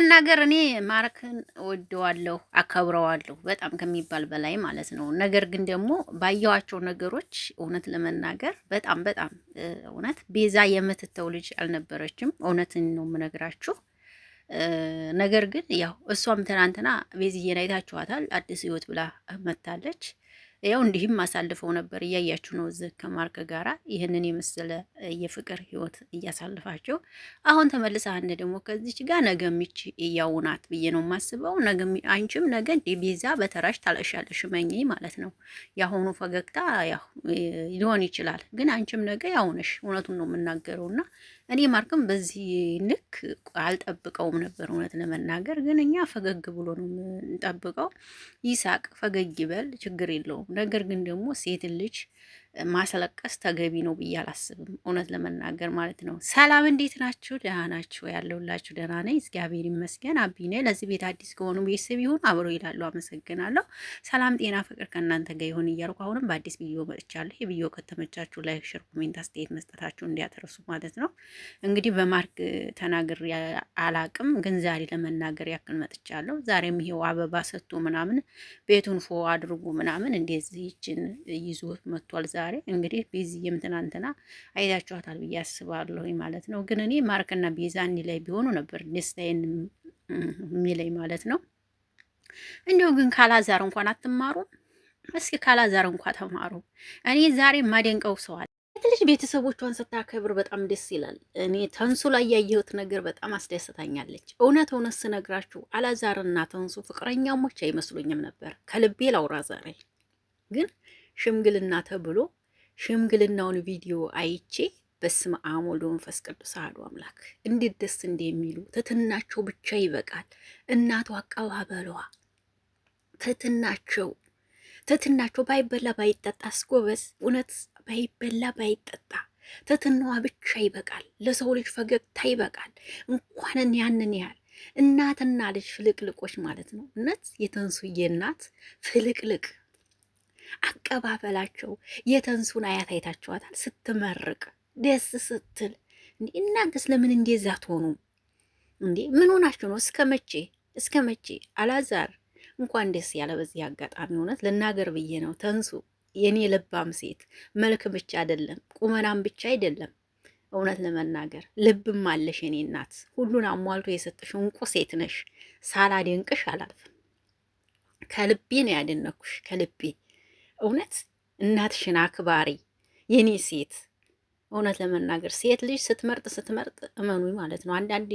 ለመናገር እኔ ማርክን ወደዋለሁ፣ አከብረዋለሁ በጣም ከሚባል በላይ ማለት ነው። ነገር ግን ደግሞ ባየዋቸው ነገሮች እውነት ለመናገር በጣም በጣም እውነት ቤዛ የምትተው ልጅ አልነበረችም። እውነትን ነው የምነግራችሁ። ነገር ግን ያው እሷም ትናንትና ቤዝዬን አይታችኋታል። አዲስ ህይወት ብላ መታለች። ያው እንዲህም አሳልፈው ነበር። እያያችሁ ነው እዚህ ከማርክ ጋራ ይህንን የመሰለ የፍቅር ህይወት እያሳልፋቸው አሁን ተመልሳ አንድ ደግሞ ከዚች ጋር ነገ ሚች እያውናት ብዬ ነው የማስበው። ነገ አንቺም ነገ እንዲ ቤዛ በተራሽ ታለሻለሽ መኝ ማለት ነው። ያሁኑ ፈገግታ ያው ሊሆን ይችላል፣ ግን አንቺም ነገ ያውነሽ። እውነቱን ነው የምናገረው እና እኔ ማርክም በዚህ ልክ አልጠብቀውም ነበር እውነት ለመናገር ግን እኛ ፈገግ ብሎ ነው የምንጠብቀው። ይሳቅ፣ ፈገግ ይበል፣ ችግር የለውም። ነገር ግን ደግሞ ሴትን ልጅ ማስለቀስ ተገቢ ነው ብዬ አላስብም፣ እውነት ለመናገር ማለት ነው። ሰላም እንዴት ናችሁ? ደህና ናችሁ? ያለሁላችሁ ደህና ነኝ፣ እግዚአብሔር ይመስገን። አቢ ነኝ። ለዚህ ቤት አዲስ ከሆኑ ቤተሰብ ይሁን አብሮ ይላሉ። አመሰግናለሁ። ሰላም ጤና፣ ፍቅር ከእናንተ ጋር ይሁን እያልኩ አሁንም በአዲስ ቪዲዮ መጥቻለሁ። ይህ ቪዲዮ ከተመቻችሁ ላይክ፣ ሼር፣ ኮሜንት አስተያየት መስጠታችሁ እንዲያተረሱ ማለት ነው። እንግዲህ በማርክ ተናግር አላቅም፣ ግን ዛሬ ለመናገር ያክል መጥቻለሁ። ዛሬም ይሄው አበባ ሰጥቶ ምናምን ቤቱን ፎ አድርጎ ምናምን እንደዚህ ይችን ይዞ መጥቷል። ዛሬ እንግዲህ ቤዝዬም ትናንትና አይታችኋታል ብዬ አስባለሁ ማለት ነው። ግን እኔ ማርክና ቤዛ እኔ ላይ ቢሆኑ ነበር ደስታዬን የሚለኝ ማለት ነው። እንዲሁ ግን ካላዛር እንኳን አትማሩ እስኪ ካላዛር እንኳ ተማሩ። እኔ ዛሬ ማደንቀው ሰዋል ልጅ ቤተሰቦቿን ስታከብር በጣም ደስ ይላል። እኔ ተንሱ ላይ ያየሁት ነገር በጣም አስደስታኛለች። እውነት እውነት ስነግራችሁ አላዛርና ተንሱ ፍቅረኛሞች አይመስሉኝም ነበር። ከልቤ ላውራ ዛሬ ግን ሽምግልና ተብሎ ሽምግልናውን ቪዲዮ አይቼ በስመ አብ ወወልድ ወመንፈስ ቅዱስ አሐዱ አምላክ እንዴት ደስ እንደሚሉ ትህትናቸው ብቻ ይበቃል። እናቷ አቀባበሏ ትህትናቸው ትህትናቸው ባይበላ ባይጠጣ ስጎበዝ እውነት ባይበላ ባይጠጣ ትህትናዋ ብቻ ይበቃል። ለሰው ልጅ ፈገግታ ይበቃል። እንኳንን ያንን ያህል እናትና ልጅ ፍልቅልቆች ማለት ነው። እውነት የተንሱዬ እናት ፍልቅልቅ አቀባበላቸው የተንሱን አያት አይታችኋታል? ስትመርቅ ደስ ስትል እናንተስ ለምን እንደዛ ትሆኑ እንዴ? ምን ሆናችሁ ነው? እስከ መቼ እስከ መቼ? አላዛር እንኳን ደስ ያለ። በዚህ አጋጣሚ እውነት ልናገር ብዬ ነው። ተንሱ የኔ ልባም ሴት መልክ ብቻ አይደለም ቁመናም ብቻ አይደለም፣ እውነት ለመናገር ልብም አለሽ የኔ እናት። ሁሉን አሟልቶ የሰጠሽ እንቁ ሴት ነሽ። ሳላደንቅሽ አላልፍም። ከልቤ ነው ያደነኩሽ ከልቤ እውነት እናትሽን አክባሪ የኔ ሴት። እውነት ለመናገር ሴት ልጅ ስትመርጥ ስትመርጥ እመኑ ማለት ነው። አንዳንድ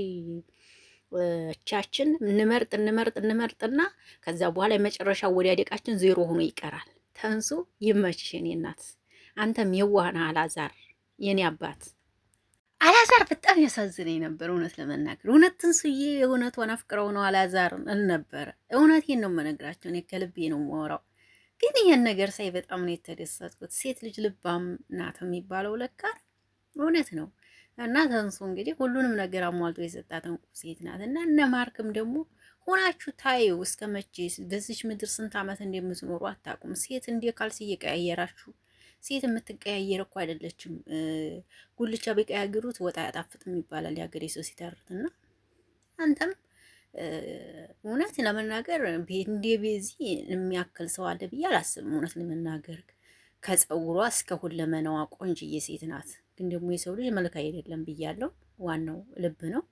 እቻችን እንመርጥ እንመርጥ እንመርጥና ከዛ በኋላ የመጨረሻ ወዲያደቃችን ዜሮ ሆኖ ይቀራል። ተንሱ ይመችሽ የኔ እናት። አንተም የዋህና አላዛር የኔ አባት አላዛር በጣም ያሳዝነኝ ነበር፣ እውነት ለመናገር እውነት ትንሱዬ የእውነቷን አፍቅረው ነው አላዛርን ነበረ። እውነቴን ነው የምነግራቸው፣ እኔ ከልቤ ነው የማወራው። ግን ይሄን ነገር ሳይ በጣም ነው የተደሰትኩት። ሴት ልጅ ልባም ናት የሚባለው ለካ እውነት ነው። እና ተንሱ እንግዲህ ሁሉንም ነገር አሟልቶ የሰጣት እንቁ ሴት ናት። እና እነ ማርክም ደግሞ ሆናችሁ ታዩ እስከ መቼ በዚች ምድር ስንት ዓመት እንደምትኖሩ አታውቁም። ሴት እንደ ካልሲ እየቀያየራችሁ ሴት የምትቀያየር እኮ አይደለችም። ጉልቻ ቢቀያየሩት ወጥ አያጣፍጥም ይባላል የሀገሬ ሰው ሲተርት እና አንተም እውነት ለመናገር እንደ ቤዚ የሚያክል ሰው አለ ብዬ አላስብም። እውነት ለመናገር ከፀጉሯ እስከ ሁለመናዋ ቆንጅዬ ሴት ናት። ግን ደግሞ የሰው ልጅ መልክ አይደለም ብያለሁ። ዋናው ልብ ነው።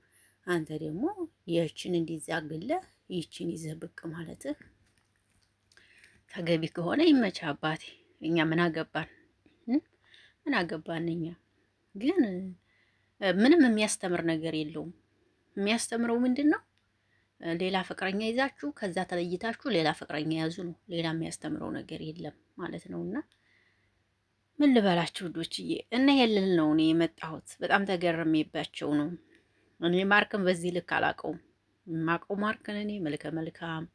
አንተ ደግሞ ይህችን እንዲዚያ ግለ ይህችን ይዘህ ብቅ ማለትህ ተገቢ ከሆነ ይመቻ አባቴ። እኛ ምን አገባን? ምን አገባን እኛ ግን ምንም የሚያስተምር ነገር የለውም። የሚያስተምረው ምንድን ነው? ሌላ ፍቅረኛ ይዛችሁ ከዛ ተለይታችሁ ሌላ ፍቅረኛ ያዙ ነው። ሌላ የሚያስተምረው ነገር የለም ማለት ነው። እና ምን ልበላችሁ ውዶችዬ፣ እና የልል ነው እኔ የመጣሁት በጣም ተገረሜባቸው ነው። እኔ ማርክን በዚህ ልክ አላቀውም። የማቀው ማርክን እኔ መልከ መልካም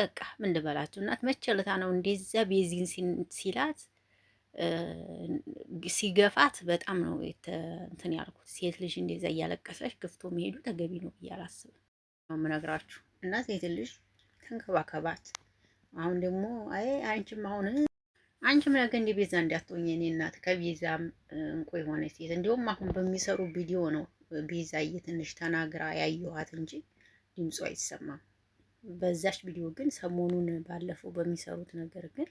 በቃ ምን ልበላችሁ እናት መቸልታ ነው እንደዛ ቤዚን ሲላት ሲገፋት በጣም ነው እንትን ያልኩት። ሴት ልጅ እንደዛ እያለቀሰች ክፍቶ መሄዱ ተገቢ ነው ብዬ አላስብም። ነው የምነግራችሁ። እና ሴት ልጅ ተንከባከባት። አሁን ደግሞ አይ አንቺም አሁን አንቺም ነገ እንደ ቤዛ እንዳትሆኝ እኔ እናት ከቤዛም እንቁ የሆነ ሴት እንዲሁም አሁን በሚሰሩ ቪዲዮ ነው ቤዛ እየትንሽ ተናግራ ያየኋት እንጂ ድምፁ አይሰማም። በዛች ቪዲዮ ግን ሰሞኑን ባለፈው በሚሰሩት ነገር ግን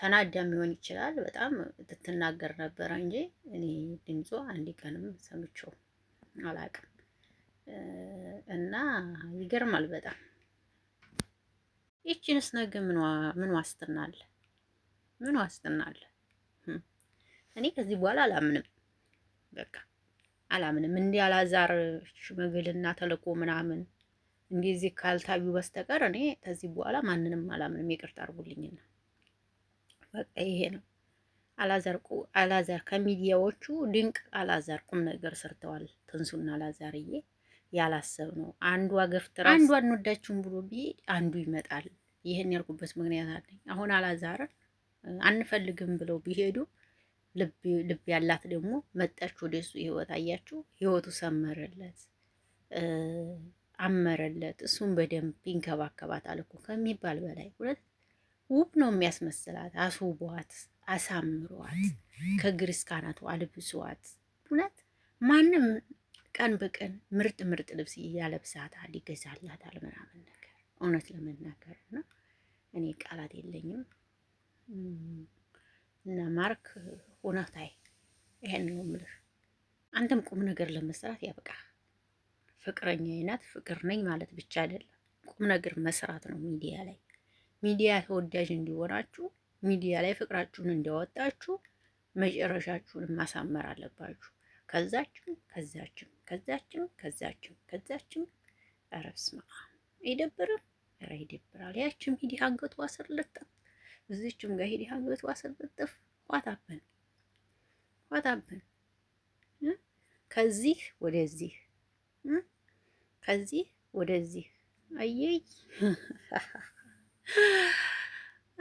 ተናዳም ሊሆን ይችላል በጣም ትትናገር ነበረ እንጂ እኔ ድምፁ አንድ ቀንም ሰምቼው አላውቅም። እና ይገርማል በጣም ይቺንስ ነገ ምን ዋስትና ምን ዋስትናል እኔ ከዚህ በኋላ አላምንም፣ በቃ አላምንም። እንዲህ አላዛር ሽምግልና ተልኮ ምናምን እንደዚህ ካልታዩ በስተቀር እኔ ከዚህ በኋላ ማንንም አላምንም። ይቅርታ አድርጉልኝና በቃ ይሄ ነው። አላዛር ከሚዲያዎቹ ድንቅ አላዛር ቁም ነገር ሰርተዋል ትንሱና አላዛርዬ። ያላሰብ ነው። አንዷ ገፍትራ አንዷ አንወዳችሁም ብሎ ቢሄድ አንዱ ይመጣል። ይህን ያልኩበት ምክንያት አለኝ። አሁን አላዛረ አንፈልግም ብለው ቢሄዱ ልብ ያላት ደግሞ መጣች ወደ እሱ ህይወት። አያችሁ ህይወቱ ሰመረለት፣ አመረለት። እሱን በደንብ ይንከባከባታል እኮ ከሚባል በላይ ሁለት ውብ ነው የሚያስመስላት። አስውቧት፣ አሳምሯት፣ ከግር እስከ አልብሷት። እውነት ማንም ቀን በቀን ምርጥ ምርጥ ልብስ እያለብሳታል፣ ይገዛላታል ምናምን ነገር እውነት ለመናገር እና እኔ ቃላት የለኝም። እና ማርክ እውነታይ ይሄን ነው የምልህ። አንተም ቁም ነገር ለመስራት ያበቃ ፍቅረኛ ናት ፍቅር ነኝ ማለት ብቻ አይደለም፣ ቁም ነገር መስራት ነው። ሚዲያ ላይ ሚዲያ ተወዳጅ እንዲሆናችሁ ሚዲያ ላይ ፍቅራችሁን እንዲያወጣችሁ መጨረሻችሁን ማሳመር አለባችሁ። ከዛችም ከዛችም ከዛችም ከዛችም ከዛችም ኧረ በስመ አብ ይደብራል። ኧረ ይደብራል። ያችም ሂዲ ሀገቷ ዋሰር ልጥፍ፣ እዚችም ጋር ሂዲ ሀገቷ ስር ልጥፍ። ዋታብን ኋታብን ከዚህ ወደዚህ ከዚህ ወደዚህ አየይ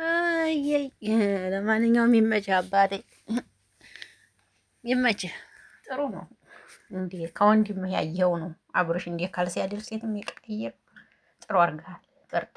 አየይ። ለማንኛውም ይመችህ አባቴ ይመችህ። ጥሩ ነው። እንዴ ከወንድምህ ያየኸው ነው አብሮሽ እንዴ ካልሲ አይደል ሴትም የቀየር ጥሩ አድርገሃል። በርታ።